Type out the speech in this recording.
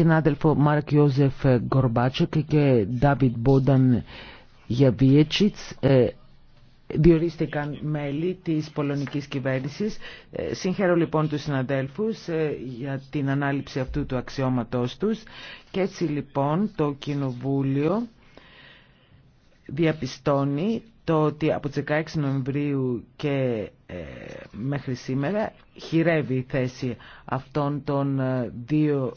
συνάδελφο Μάρκ Ιώζεφ Γκορμπάτσεκ και Ντάβιτ Μπόνταν Γιαβιέτσιτς ε, διορίστηκαν μέλη της πολωνικής κυβέρνησης. Ε, συγχαίρω λοιπόν τους συναδέλφους ε, για την ανάληψη αυτού του αξιώματός τους και έτσι λοιπόν το Κοινοβούλιο διαπιστώνει το ότι από τις 16 Νοεμβρίου και μέχρι σήμερα χειρεύει η θέση αυτών των δύο